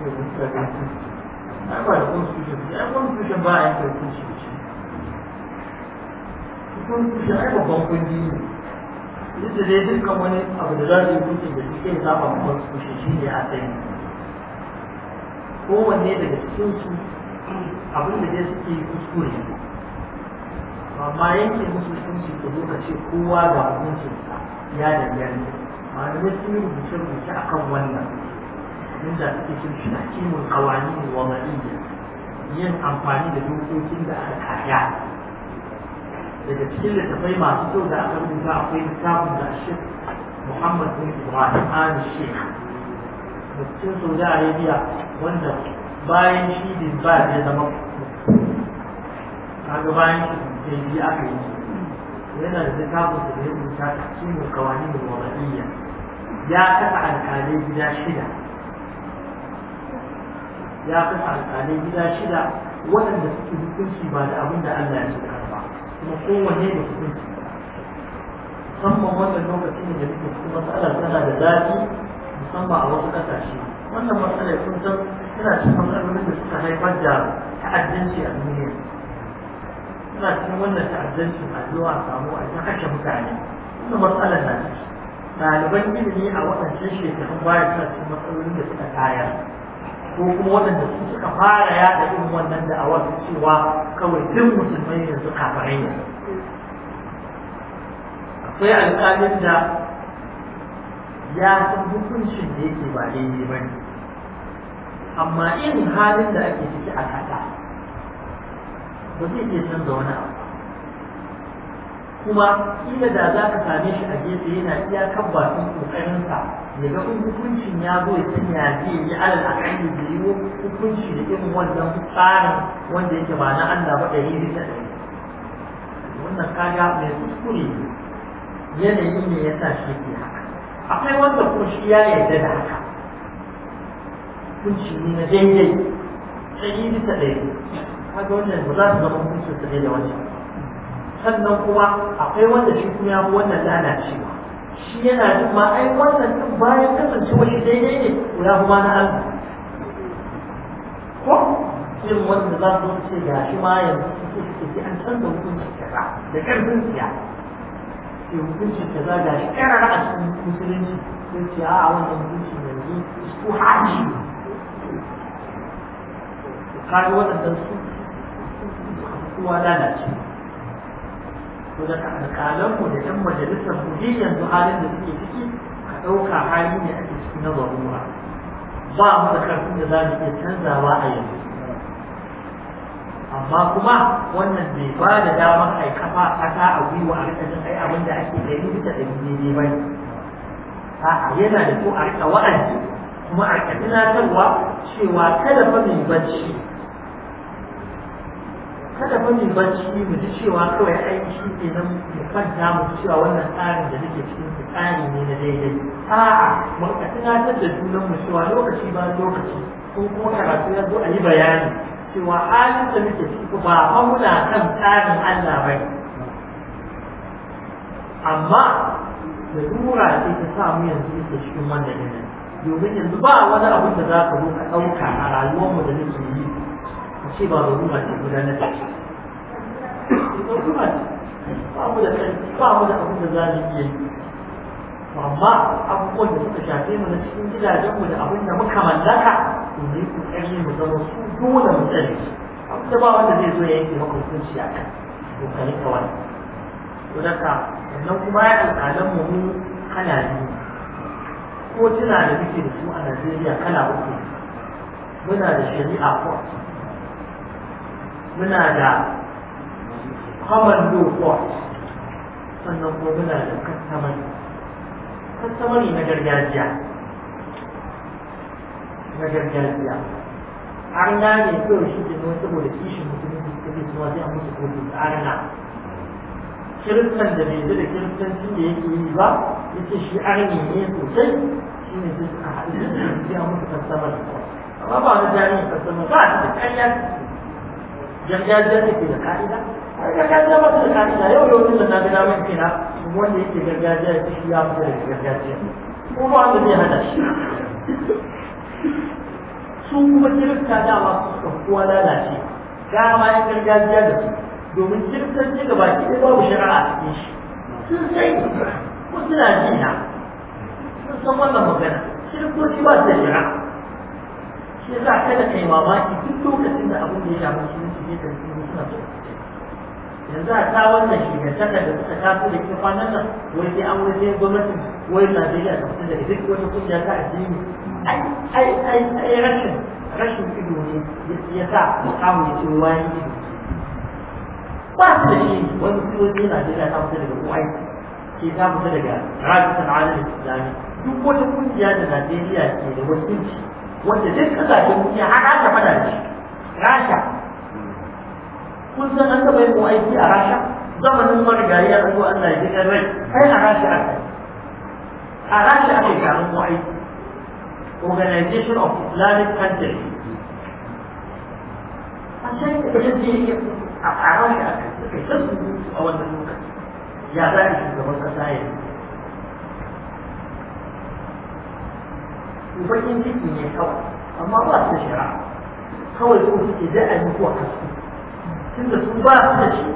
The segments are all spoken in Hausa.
ai ba da constitution ai ba a yanke hukunci da shi constitution ai babban kundi ne duk da dai wani abu da za su yi hukunci da shi sai saba ma constitution shi ne a tsayi kowanne daga cikin su abin da dai suke yi amma yanke musu hukunci da lokaci kowa ga hukuncinsa ya dangane malamai sun yi rubuce a kan wannan من ذا تكون تحكيم القوانين الوضعية yin amfani da dokokin da aka kaya daga cikin littattafai masu kyau da aka rubuta akwai littafin da shi Muhammad bin Ibrahim Al Sheikh mutum Saudi Arabia wanda bayan shi bin ba ya zama kaga bayan shi bin aka yi yana da littafin da ya rubuta cikin kawani da wada'iyya ya kasa alkalai gida shida ya kuma alƙalai gida shida waɗanda suke hukunci ba da abin da Allah ya ce ba kuma kowanne da hukunci musamman wannan lokacin da muke cikin matsalar tana da zafi musamman a wasu ƙasashe wannan matsalar kun san tana cikin matsalolin da suka haifar da ta'addanci a duniya tana cikin wannan ta'addanci a zuwa a samu a ta kashe mutane wannan matsalar na ciki ɗaliban ilimi a waɗancan shekarun baya suna cikin matsalolin da suka tayar ko kuma waɗanda su suka fara yaɗa irin wannan da da'awar cewa kawai duk musulmai yanzu kafirai ne akwai alƙalin da ya san hukuncin da yake ba daidai ba ne amma irin halin da ake ciki a kasa ba zai iya canza wani abu kuma ina da za ka same shi a gefe yana iya iyakan bakin kokarinsa ya ga hukuncin ya zo ya sanya ce yi alal kan da yiwu hukunci da irin wannan tsarin wanda yake ba na Allah ba ɗari da ɗari wannan kaga mai kuskure yanayi ne ya sa shi ke haka akwai wanda kuma shi ya yarda da haka hukunci ne na daidai ɗari da ɗari kaga wannan ba za su zama hukuncin sa ne da wancan sannan kuma akwai wanda shi kuma ya fi wannan cewa, shi yana jin ma ai wannan din bayan kasance wani daidai ne to ya kuma na Allah ko irin wanda za su ce ga shi ma yanzu suke suke sai an canza hukuncin kaza da karfin siya sai hukuncin kaza ga shi karara a cikin musulunci sai ce a wannan hukuncin yanzu su haji kaji waɗannan su kuwa lalacewa ko da alƙalan mu da ɗan majalisar mu yanzu halin da suke ciki ka ɗauka hali ne ake ciki na zarura ba mu da ƙarfin da za mu iya canzawa a yanzu amma kuma wannan bai ba da damar ai kafa ƙasa a gwiwa a rika jin ai abin da ake gani bisa da ne ba a'a yana da ko a rika wa'azi kuma a rika tunatarwa cewa kada fa mai bacci kada fa mu bacci mu ji cewa kawai aiki shi ke nan mu kwanta mu cewa wannan tsarin da nake cikin su tsari ne na daidai a'a mu ka tunatar da junan mu cewa lokaci ba lokaci ko kuma karatu ya zo a yi bayani cewa halin da muke ciki ba fa muna kan tsarin Allah ba amma da dura ce ta samu yanzu yake cikin wannan yanayi domin yanzu ba wani abu da za ka zo ka ɗauka a rayuwarmu da nake yi ce ba da ruwa ke gudanar da shi hukuma ba mu da kai, ba mu da abin da za mu iya yi amma abubuwan da suka shafe mu na cikin gidajenmu da abin da muka mallaka to mu yi kokari mu zama su dole mu tsare abin da ba wanda zai zo ya yanke maka hukunci a kai, to ka yi kawai to daga sannan kuma ya alƙalan mu mu kana biyu ko tuna da muke da su a Najeriya kala uku muna da shari'a court muna da common new port sannan ko muna da kastamari kastamari na gargajiya na gargajiya an gane kawai shi ke nuna saboda kishin musulunci ta ke suna zai musu kotu da arna kiristan da bai da kiristanci da yake yi ba ya ce shi arni ne sosai shi ne sai suka haɗu da su ya musu kastamari amma ba wani jami'in kastamari ba a cikin ƙarya gargajiya ke da ka'ida gargajiya ba su da ka'ida yau yau tun da na gina min kina wanda yake gargajiya ya shi ya fita daga gargajiya ko ba wanda zai hana shi su kuma kirista dama su suka kowa lalace gara ma yan gargajiya da su domin kiristanci gaba ki ɗaya babu shari'a a cikin shi sun sai ko suna jina sun san wannan magana kiristoci ba su da shari'a shi yasa kada kai mamaki duk lokacin da abin da ya shafi shi ne su ne da su suna so yanzu a ta wannan shigantaka da suka taso da ke kwanan nan wai sai an wuce gwamnatin wai Najeriya ta fitar daga duk wata kungiya ta addini ai ai ai ai rashin rashin ido ne ya sa mukamu ya ce wani ido ba su da shi wani na Najeriya ta wuce daga kuwa ke ta wuce daga rajistan alalin islami duk wata kungiya da Najeriya ke da wakilci wanda duk kasashen duniya har aka fada da shi Rasha kun san an taɓa yin aiki a rasha zamanin marigayi a zuwa Allah ya ji ɗan rai kai a rasha aka a rasha aka yi taron aiki Organization of Islamic Countries a can da ta ce a rasha aka suka yi sun a wannan lokaci ya za a shugaban ƙasa ya yi bakin ciki ne kawai amma ba su da shari'a kawai ko suke da a yi kuwa kasu tunda su ba su da shi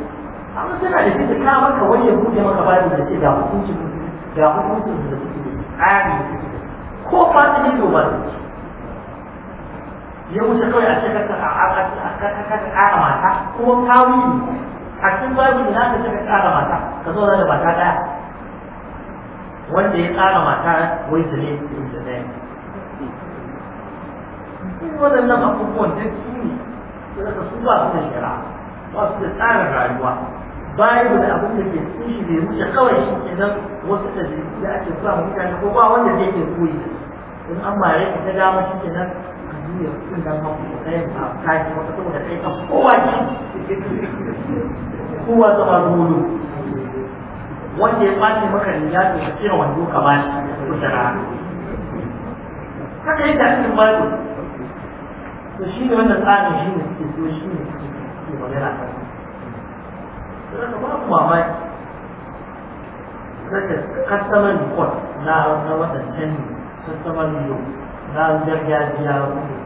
amma suna da shi da ka wani ya buɗe maka bani da ce ga hukuncin ga hukuncin da suke da tsari ko ba su ne ba su ya wuce kawai a ce ka ƙara mata kuma kawuni a cikin babin da ka ƙara mata ka zo da mata ɗaya wanda ya ƙara mata wai su ne da ɗaya waɗannan abubuwan duk su ne su ba su da shari'a wasu da tsarin rayuwa bayan da abin da ke cikin shi bai wuce kawai shi kenan wasu ɗabi'u da ake zuwa mutane ko ba wanda zai ke koyi in an ba ka ta dama shi kenan ka juya dan ka kai ka kai ka kai ka kowa ki kowa zama dole wanda ya ɓace maka ka ba shi ko cikin ba, to shi ne wannan tsarin shi ne suke so shi ne yana kasa suna babu mamaki zaka na wadancan customer yau na